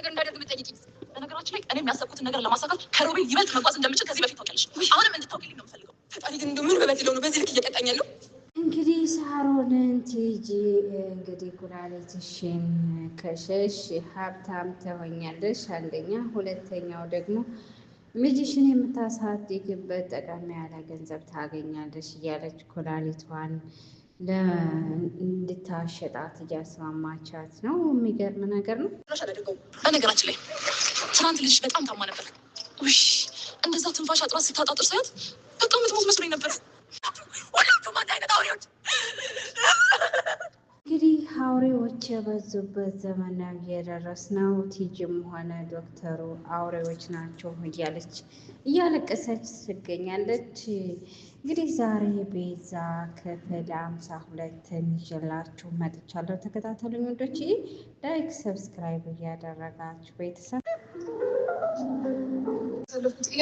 ነገር እንዳደርግ የምጠይቂኝ በነገራችን ላይ እኔም ያሰብኩትን ነገር ለማሳካት ከሮቤል ይበልጥ መጓዝ እንደምችል ከዚህ በፊት ታውቂያለሽ። አሁንም እንድታውቂልኝ ነው የምፈልገው። ፈጣሪ ግን ምን በበድለው ነው በዚህ ልክ እየቀጣኝ እንግዲህ ሳሮንን ቲጂ እንግዲህ ኩላሊትሽን ከሸሽ ሀብታም ትሆኛለሽ፣ አንደኛ። ሁለተኛው ደግሞ ልጅሽን የምታሳድግበት ጠቀም ያለ ገንዘብ ታገኛለሽ እያለች ኩላሊቷን እንድታሸጣት እያስማማቻት ነው። የሚገርም ነገር ነው። በነገራችን ላይ ትናንት ልጅ በጣም ታማ ነበር። እንደዛ ትንፋሽ አጥራት ስታጣጥር ሳያት በጣም የምትሞት መስሎኝ ነበር። ሁላችሁም አንድ አይነት አውሬዎች እንግዲህ አውሬዎች የበዙበት ዘመን ነው የደረስነው። ቲጂም ሆነ ዶክተሩ አውሬዎች ናቸው እያለች እያለቀሰች ትገኛለች። እንግዲህ ዛሬ ቤዛ ክፍል አምሳ ሁለትን ይዤላችሁ መጥቻለሁ። ተከታተሉኝ ወንዶች፣ ላይክ ሰብስክራይብ እያደረጋችሁ ቤተሰብ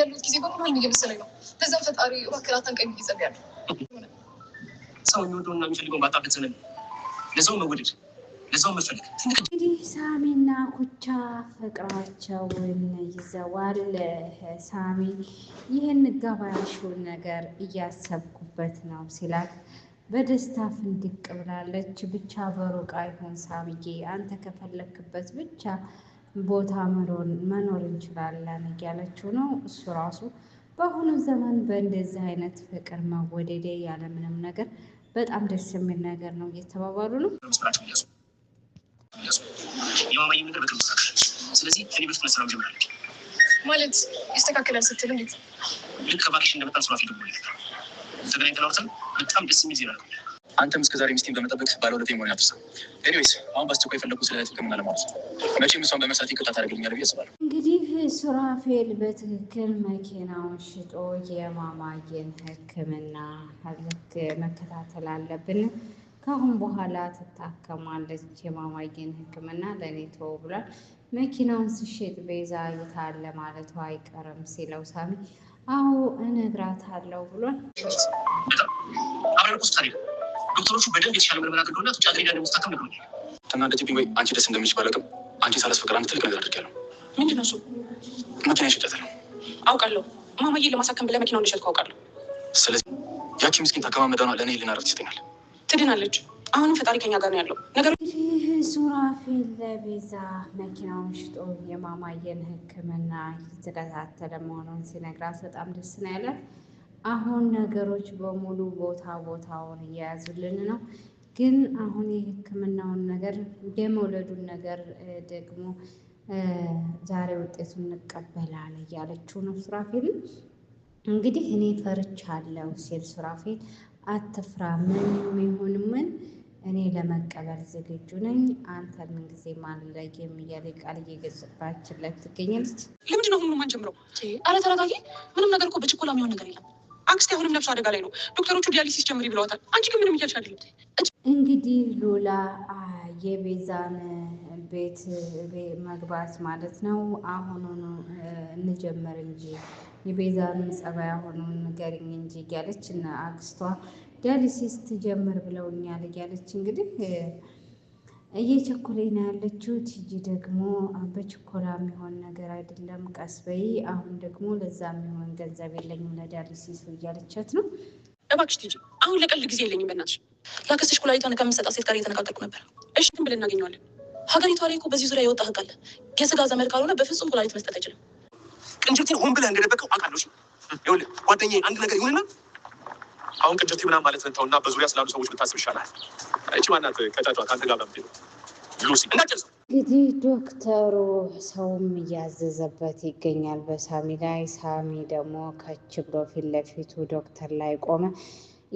ያሉት ጊዜ በሙሉ እየመሰለኝ ነው። በዛም ፈጣሪ እባክህ አታንቀኝ ሰው የሚወደውና የሚፈልገውን ባጣበት ዘመን ለሰው መወደድ ለሰው መፈለግ። እንግዲህ ሳሚና ኩቻ ፍቅራቸውን ይዘዋል። ሳሚ ይህን ጋባያሹን ነገር እያሰብኩበት ነው ሲላት በደስታ ፍንድቅ ብላለች። ብቻ በሩቅ አይሆን ሳምዬ፣ አንተ ከፈለክበት ብቻ ቦታ መኖር እንችላለን እያለችው ነው እሱ ራሱ በአሁኑ ዘመን በእንደዚህ አይነት ፍቅር መወደዴ ያለ ምንም ነገር በጣም ደስ የሚል ነገር ነው። እየተባባሉ ነው። ማለት ይስተካከላል ስትል እንዴት ልክ እባክሽ እንደመጣን ስራፊ ደሞ ተገናኝተን አውርተን በጣም ደስ የሚል ዜና ነው አንተም እስከዛሬ ሚስቴን በመጠበቅ ባለውለቴ መሆን ያፍርሳ። ኤኒዌይስ አሁን በአስቸኳይ የፈለጉ ስለ ሕክምና ለማለት ነው። መቼም እሷን በመሳት ይቅርታ ታደርግልኛል ብዬ አስባለሁ። እንግዲህ ሱራፌል በትክክል መኪናውን ሽጦ የማማየን ህክምና ልክ መከታተል አለብን። ከአሁን በኋላ ትታከማለች። የማማየን ህክምና ለእኔ ተወው ብሏል። መኪናውን ስሽጥ ቤዛ ይታለ ማለቱ አይቀርም ሲለው ሳሚ አዎ እነግራታለሁ ብሏል። ዶክተሮቹ በደንብ የተሻለ ምርመራ እንደሆነ ውጭ ሀገር ሄደን መስታከም ነው እና እንደ ወይ አንቺ ደስ እንደሚልሽ ባላውቅም አንቺ ሳላስፈቅድ አንድ ትልቅ ነገር አድርጌያለሁ። ምንድን ነው እሱ? መኪና ይሸጫታል። አውቃለሁ። ማማዬ ለማሳከም ብለህ መኪናውን የሸጥከው አውቃለሁ። ስለዚህ ያቺ ምስኪን ተከማመዳኗ ለእኔ ሊና ረፍት ይሰጠኛል። ትድናለች። አሁንም ፈጣሪ ከኛ ጋር ነው ያለው ነገር። ሱራፌል ለቤዛ መኪናውን ሽጦ የማማየን ሕክምና እየተከታተለ መሆኑን ሲነግራት በጣም ደስ ነው ያለ አሁን ነገሮች በሙሉ ቦታ ቦታውን እየያዙልን ነው። ግን አሁን የሕክምናውን ነገር የመውለዱን ነገር ደግሞ ዛሬ ውጤቱ እንቀበላል እያለችው ነው ሱራፌል። እንግዲህ እኔ ፈርቻለሁ ሲል ሱራፌል፣ አትፍራ፣ ምንም ይሁን ምን እኔ ለመቀበል ዝግጁ ነኝ። አንተ ምን ጊዜ ማለግ የሚያለ ቃል እየገጽባችን ላይ ትገኛለች። ለምንድነው ሁሉ ማን ጀምረው? አረ ተረጋጊ፣ ምንም ነገር እኮ በችኮላ የሚሆን ነገር የለም። አንግስት አሁንም ነፍሱ አደጋ ላይ ነው። ዶክተሮቹ ዲያሊሲስ ጀምሪ ብለዋታል። አንቺ ግን ምንም እያልሽ አይደለም። እንግዲህ ሉላ የቤዛን ቤት መግባት ማለት ነው። አሁኑኑ እንጀምር እንጂ የቤዛን ጸባይ አሁኑን ንገሪኝ እንጂ እያለች እና አክስቷ ዲያሊሲስ ትጀምር ብለውኛል እያለች እንግዲህ እየቸኮለኝ ነው ያለችው። ቲጂ ደግሞ በችኮላ የሚሆን ነገር አይደለም፣ ቀስ በይ። አሁን ደግሞ ለዛ የሚሆን ገንዘብ የለኝም ለዳያሊሲስ እያለቻት ነው። እባክሽ ቲጂ፣ አሁን ለቀል ጊዜ የለኝም። በእናትሽ ላከሰሽ ኩላሊቷን ከምሰጣ ሴት ጋር እየተነጋገርኩ ነበር። እሺ ብለን እናገኘዋለን። ሀገሪቷ ላይ እኮ በዚህ ዙሪያ የወጣ ህግ አለ። የስጋ ዘመድ ካልሆነ በፍጹም ኩላሊት መስጠት አይችልም። ቅንጅብቴን ሆን ብለህ እንደደበቀው አውቃለሁ። ይኸውልህ ጓደኛዬ፣ አንድ ነገር ይሁንና አሁን ቅንጅብቴ ምናምን ማለት ተውና በዙሪያ ስላሉ ሰዎች ብታስብ ይሻላል። እቺ ማናት ከአንተ ጋር ሉሲ እናጨርሰ እንግዲህ ዶክተሩ ሰውም እያዘዘበት ይገኛል በሳሚ ላይ። ሳሚ ደግሞ ከች ብሎ ፊት ለፊቱ ዶክተር ላይ ቆመ።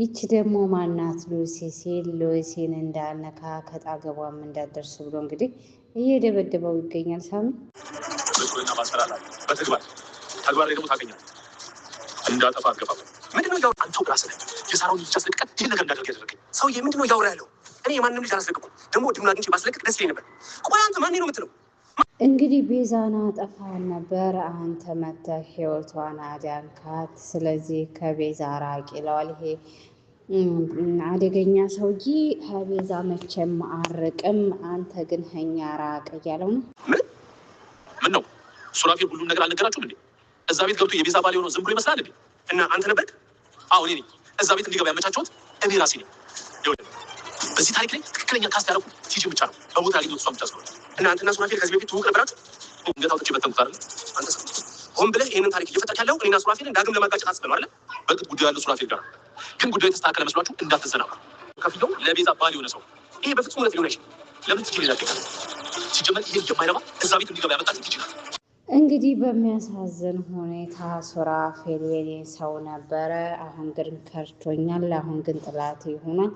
ይቺ ደግሞ ማናት ሉሲ ሲል ሉሲን እንዳነካ ከጣገቧም እንዳደርስ ብሎ እንግዲህ እየደበደበው ይገኛል። ሳሚ ምስኩርና ተግባር ደግሞ ታገኛል እንዳጠፋ አትገባ ምንድነው ያው አንተው ነገር እንዳደርግ ያደረገኝ ሰውዬ ምንድነው ያውራ ያለው እኔ የማንም ልጅ አላስለቅኩም። ደግሞ ድምና አግኝቼ ባስለቅቅ ደስ ይለኝ ነበር። ቆይ አንተ ማን ነው የምትለው? እንግዲህ ቤዛና ጠፋ ነበር፣ አንተ መተ ህይወቷን አዳንካት። ስለዚህ ከቤዛ ራቅ ይለዋል። ይሄ አደገኛ ሰውዬ ከቤዛ መቼም አርቅም፣ አንተ ግን ሀኛ ራቅ እያለው ነው። ምን ምን ነው ሱራፊ፣ ሁሉም ነገር አልነገራችሁም እንዴ? እዛ ቤት ገብቶ የቤዛ ባል የሆነው ዝም ብሎ ይመስላል እንዴ? እና አንተ ነበርክ? አዎ እኔ ነኝ። እዛ ቤት እንዲገባ ያመቻቸውት እኔ ራሴ ነኝ። በዚህ ታሪክ ላይ ትክክለኛ ካስ ያደረኩት ቲጂ ብቻ ነው። በቦታ ላይ እሷ ብቻ ስለሆነ እናንተና ሱራፌል ከዚህ በፊት ትውቅ ነበራት። እንገት አውጥቼ በተንኩት አይደል? አንተ ሆን ብለህ ይህንን ታሪክ እየፈጠርክ ያለው እኔና ሱራፌልን ዳግም ለማጋጨት አስበህ ነው አይደል? በግድ ጉዳዩ ያለው ሱራፌል ጋር ግን ጉዳዩ የተስተካከለ መስሏችሁ እንዳትዘናቡ። ከፍያው ለቤዛ ባል የሆነ ሰው ይሄ በፍጹም እውነት ሊሆን አይችልም። ለምን ትችል ይላል ሲጀመር ይሄ የማይረባ እዛ ቤት እንዲገባ ያመጣት ይችላል። እንግዲህ በሚያሳዝን ሁኔታ ሱራፌል የኔ ሰው ነበረ። አሁን ግን ከርቶኛል። አሁን ግን ጥላት ይሆናል።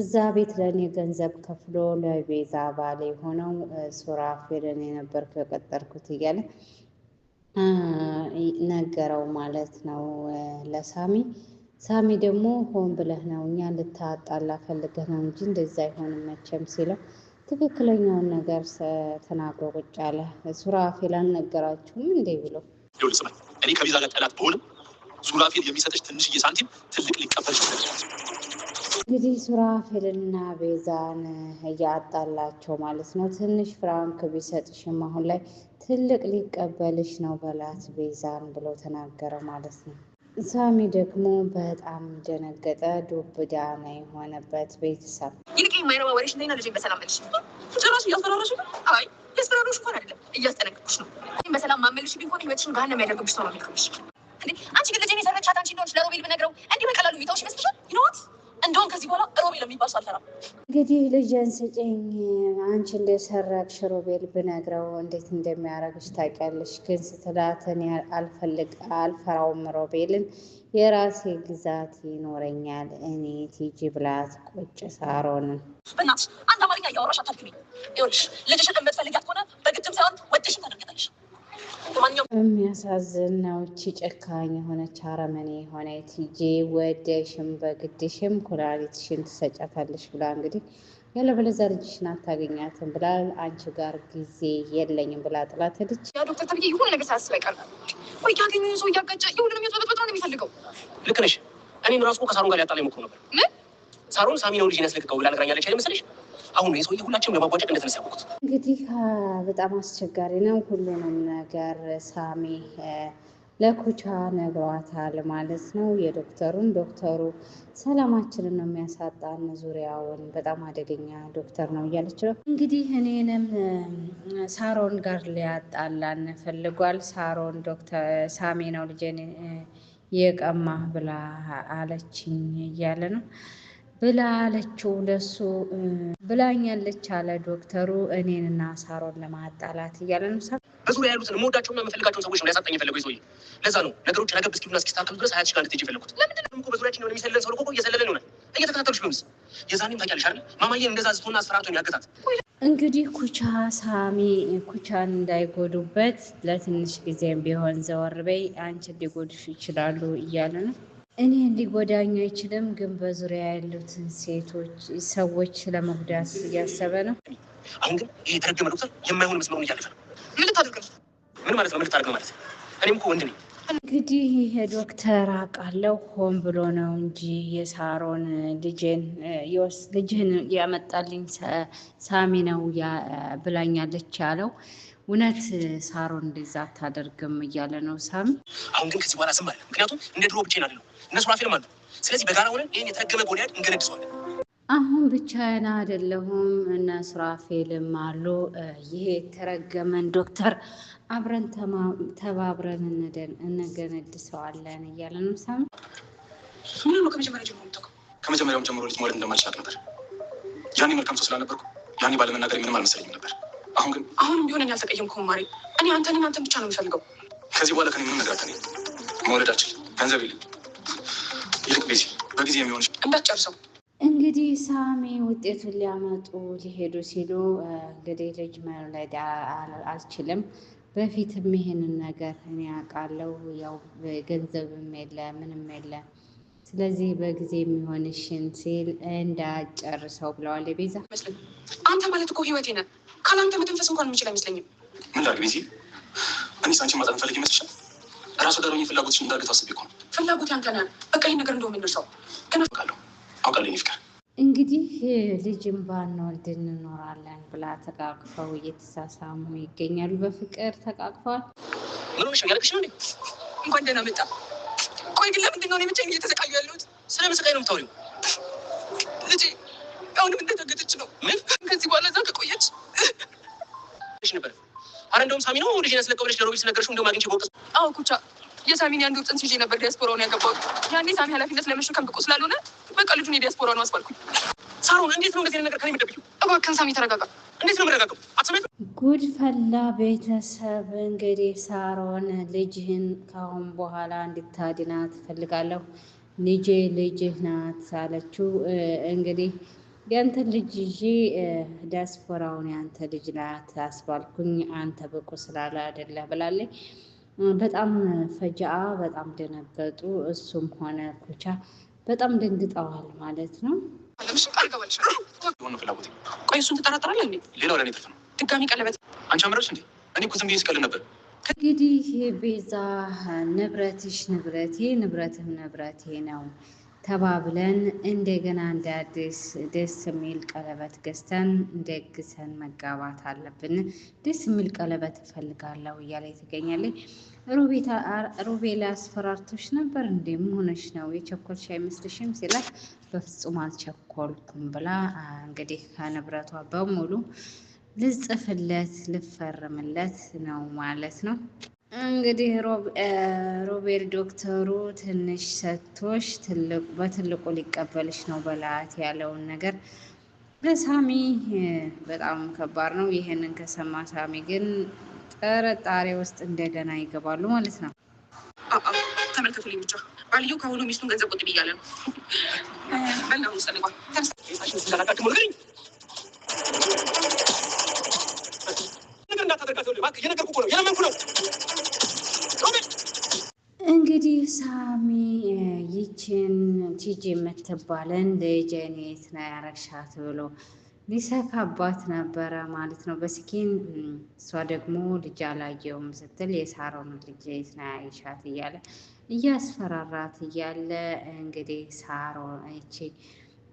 እዛ ቤት ለእኔ ገንዘብ ከፍሎ ለቤዛ ባል የሆነው ሱራፌልን የነበርክ የቀጠርኩት እያለ ነገረው ማለት ነው ለሳሚ። ሳሚ ደግሞ ሆን ብለህ ነው እኛ ልታጣላ ፈልገህ ነው እንጂ እንደዛ አይሆንም መቼም ሲለው ትክክለኛውን ነገር ተናግሮ ቁጭ አለ። ሱራፌል አልነገራችሁም እንዴ ብሎ እኔ ከቤዛ ጋር ጠላት በሆንም ሱራፌል የሚሰጠች ትንሽዬ ሳንቲም ትልቅ ሊቀበል ይችላል። እንግዲህ ሱራፌልና ቤዛን እያጣላቸው ማለት ነው። ትንሽ ፍራንክ ቢሰጥሽም አሁን ላይ ትልቅ ሊቀበልሽ ነው በላት ቤዛን ብሎ ተናገረ ማለት ነው። ሳሚ ደግሞ በጣም ደነገጠ። ዱብ እዳ የሆነበት። ቤተሰብ በሰላም ማመልሽ ቢሆን ህይወትሽን ጋር ነው የሚያደርግብሽ ሰው ነው የሚሆንሽ። አንቺ ግን ልጅን የሰረቻት አንቺ እንደሆንሽ ለሮቤል ብነግረው እንግዲህ ልጄን ስጭኝ አንቺ እንደሰራሽ ሽሮቤል ብነግረው እንዴት እንደሚያደርግሽ ታውቂያለሽ። ግን ስትላትን አልፈልግ አልፈራውም ሮቤልን የራሴ ግዛት ይኖረኛል እኔ ቲጂ ብላት ቁጭ ሳሮንን በእናትሽ አንድ አማርኛ እያወራሽ አታልግቢ። ይኸውልሽ ልጅሽን የምትፈልጊያት ከሆነ በግድም ሳይሆን ወደሽ የሚያሳዝን ነው። እቺ ጨካኝ የሆነች አረመኔ የሆነ ቲጄ ወደሽም በግድሽም ኩላሊትሽን ትሰጫታለሽ ብላ እንግዲህ ያለበለዚያ ልጅሽን አታገኛትም ብላ አንቺ ጋር ጊዜ የለኝም ብላ ጥላት ልጅ ያ ዶክተር ተብዬ የሆነ ነገር ሳያስብ አይቀርም ወይ ያገኘ ሰው እያጋጨ የሁሉንም የሚያስበጥበት በጣም ነው የሚፈልገው። ልክ ነሽ። እኔም ራሱ ከሳሩን ጋር ሊያጣላ ሞክሮ ነበር። ምን ሳሩን ሳሚ ነው ልጅ ያስለቅቀው ብላ ነግራኛለች አይመስልሽ? አሁን ነው የሰውዬ ሁላችንም ለማጓጨት እንደተነሳ ያወቁት። እንግዲህ በጣም አስቸጋሪ ነው። ሁሉንም ነገር ሳሚ ለኩቻ ነግሯታል ማለት ነው። የዶክተሩን ዶክተሩ ሰላማችንን ነው የሚያሳጣን፣ ዙሪያውን በጣም አደገኛ ዶክተር ነው እያለች ነው እንግዲህ እኔንም ሳሮን ጋር ሊያጣላን ፈልጓል። ሳሮን ዶክተር ሳሜ ነው ልጄን የቀማ ብላ አለችኝ እያለ ነው ብላለችው ለሱ ብላኛለች አለ ዶክተሩ። እኔንና ሳሮን ለማጣላት እያለ ነው። ሳ በዙሪያ ነው መወዳቸውና መፈልጋቸውን ሰዎች ነው እንዳያሳጣኝ የፈለገ ይዞ ለዛ ነው ነገሮች ነገ ብስኪሉና እስኪስተካከሉ ድረስ አያች ጋር እንድትሄጂ የፈለኩት። ለምንድን ነው በዙሪያችን የሆነ የሚሰለን ሰው እኮ እየሰለለን ይሆናል። እየተከታተሉች ቢሆንስ? የዛኔም ታውቂያለሽ አይደል ማማዬን እንደዛ ዝቶና ስርዓቱን ያገታት። እንግዲህ ኩቻ ሳሚ ኩቻን እንዳይጎዱበት ለትንሽ ጊዜም ቢሆን ዘወር በይ አንቺ ሊጎዱሽ ይችላሉ እያለ ነው እኔ እንዲጎዳኝ አይችልም፣ ግን በዙሪያ ያሉትን ሴቶች ሰዎች ለመጉዳት እያሰበ ነው። አሁን ግን ይህ የተረገመ ዶክተር የማይሆን እያለፈ ምን ልታደርግ ምን ማለት ነው? ምን ልታደርግ ማለት እኔም እኮ ወንድ ነኝ። እንግዲህ ይሄ ዶክተር አውቃለሁ፣ ሆን ብሎ ነው እንጂ የሳሮን ልጄን ልጅህን ያመጣልኝ ሳሚ ነው ብላኛለች ያለው እውነት ሳሮ እንደዛ አታደርግም እያለ ነው ሳም። አሁን ግን ከዚህ በኋላ ዝም አለ። ምክንያቱም እንደ ድሮ ብቻዬን አይደለሁም እነሱ ራፊልም አሉ። ስለዚህ በጋራ ሆነን ይህን የተረገመ ጎልያድ እንገነድሰዋለን። አሁን ብቻዬን አይደለሁም እነ ሱራፌልም አሉ። ይሄ የተረገመን ዶክተር አብረን ተባብረን እንደን እንገነድሰዋለን እያለ ነው ሳም። ከመጀመሪያውም ጀምሮ ልጅ መውለድ እንደማልችላት ነበር። ያኔ መልካም ሰው ስላልነበርኩ ያኔ ባለመናገር ምንም አልመሰለኝም ነበር አሁን ግን አሁንም ቢሆን እኔ አልተቀየምኩም ማሬ። እኔ አንተን አንተን ብቻ ነው የምፈልገው። ከዚህ በኋላ ከኔ ምንም ነገር አታገኝም። መውለዳችን ገንዘብ ይል ይልቅ ቤዚ በጊዜ የሚሆን እንዳትጨርሰው። እንግዲህ ሳሚ ውጤቱን ሊያመጡ ሊሄዱ ሲሉ እንግዲህ ልጅ መውለድ አልችልም፣ በፊትም ይሄንን ነገር እኔ አውቃለሁ። ያው ገንዘብም የለ ምንም የለ፣ ስለዚህ በጊዜ የሚሆንሽን ሲል እንዳጨርሰው ብለዋል። የቤዛ አንተ ማለት እኮ ህይወቴ ነህ ካላንተ መተንፈስ እንኳን የሚችል አይመስለኝም። ምን ላድርግ ቤዚ? እኔ ሳንቺን ማጣት ፈልግ ይመስልሻል? ራሱ ዳሮኝ ፍላጎትሽ እንዳለ ታስቢ እኮ ነው። ፍላጎት ያንተ በቃ ይህ ነገር እንደሆነ እንርሳው። ግን አውቃለሁ አውቃለሁ የእኔ ፍቅር እንግዲህ ልጅም ባንወልድ እንኖራለን ብላ ተቃቅፈው እየተሳሳሙ ይገኛሉ። በፍቅር ተቃቅፏል። ምሮሽ ያለሽ ነው እንኳን ደህና መጣ። ቆይ ግን ለምንድን ነው እኔ ብቻዬን እየተሰቃዩ ያለሁት? ስለ ስለመሰቃይ ነው የምታወሪው ልጄ አሁንም እንደተገደች ነው። ምን ከዚህ በኋላ እዛ ከቆየች ነበር። አረ እንደውም ሳሚ ነው ልጅ ያስለቀው ብለሽ እንደውም አግኝቼ አዎ ኩቻ የሳሚን የአንድ ነበር ዲያስፖራውን ያገባሁት። ያኔ ሳሚ ኃላፊነት ለመሸከም ብቁ ስላልሆነ በቃ ልጁን ሳሮን እንዴት ነው እንደዚህ ነገር ከኔ እባክህን ሳሚ ተረጋጋ። እንዴት ነው ጉድ ፈላ ቤተሰብ። እንግዲህ ሳሮን ልጅህን ከአሁን በኋላ እንድታድናት ትፈልጋለሁ። ልጄ ልጅህ ናት አለችው እንግዲህ የአንተ ልጅ ይዤ ዲያስፖራውን ያንተ ልጅ ላት አስባልኩኝ። አንተ ብቁ ስላለ አይደለ ብላለኝ። በጣም ፈጃአ በጣም ደነበጡ። እሱም ሆነ ኩቻ በጣም ደንግጠዋል ማለት ነው። ቆይ እሱን ሌላው ለኔ ትርፍ ነው። ድጋሚ ቀለበት አንቺ እንዴ? እኔ እኮ ዝም ብዬ ስቀልድ ነበር። እንግዲህ ቤዛ ንብረትሽ ንብረቴ፣ ንብረትም ንብረቴ ነው ተባብለን እንደገና እንደ አዲስ ደስ የሚል ቀለበት ገዝተን እንደግሰን መጋባት አለብን። ደስ የሚል ቀለበት እፈልጋለሁ እያለ ትገኛለች። ሩቤላ አስፈራርቶች ነበር እንዴ? ሆነች ነው የቸኮልሽ አይመስልሽም ሲላት፣ በፍጹም አልቸኮልኩም ብላ እንግዲህ ከንብረቷ በሙሉ ልጽፍለት ልፈርምለት ነው ማለት ነው። እንግዲህ ሮቤል ዶክተሩ ትንሽ ሰቶች በትልቁ ሊቀበልሽ ነው በላት ያለውን ነገር ለሳሚ በጣም ከባድ ነው። ይህንን ከሰማ ሳሚ ግን ጥርጣሬ ውስጥ እንደገና ይገባሉ ማለት ነው። ተመልከቱ ልኝ ብቻ ባልየው ከአሁኑ ሚስቱን ገንዘብ ቁጥብ እያለ ነው። እንዳታደርጋት እባክህ፣ እየነገርኩህ እኮ ነው የለመንኩህ ነው እንግዲህ ሳሚ ይችን ቲጂ የምትባለን ለጀኔት ነው ያረግሻት ብሎ ሊሰካባት ነበረ ማለት ነው በስኪን እሷ ደግሞ ልጅ አላየውም ስትል የሳሮን ልጅ ነው ያይሻት እያለ እያስፈራራት እያለ እንግዲህ ሳሮ ይቺ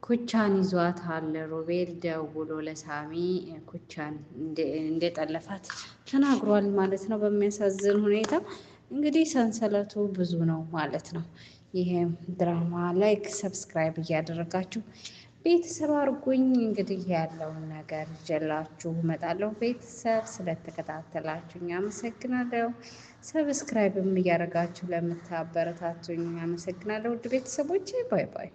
ኩቻን ይዟት አለ ሮቤል ደውሎ ለሳሚ ኩቻን እንደጠለፋት ተናግሯል ማለት ነው በሚያሳዝን ሁኔታ እንግዲህ ሰንሰለቱ ብዙ ነው ማለት ነው። ይህም ድራማ ላይክ፣ ሰብስክራይብ እያደረጋችሁ ቤተሰብ አድርጉኝ። እንግዲህ ያለውን ነገር ይዤላችሁ እመጣለሁ። ቤተሰብ ስለተከታተላችሁኝ አመሰግናለሁ። ሰብስክራይብም እያደረጋችሁ ለምታበረታቱኝ አመሰግናለሁ። ውድ ቤተሰቦቼ ባይ ባይ።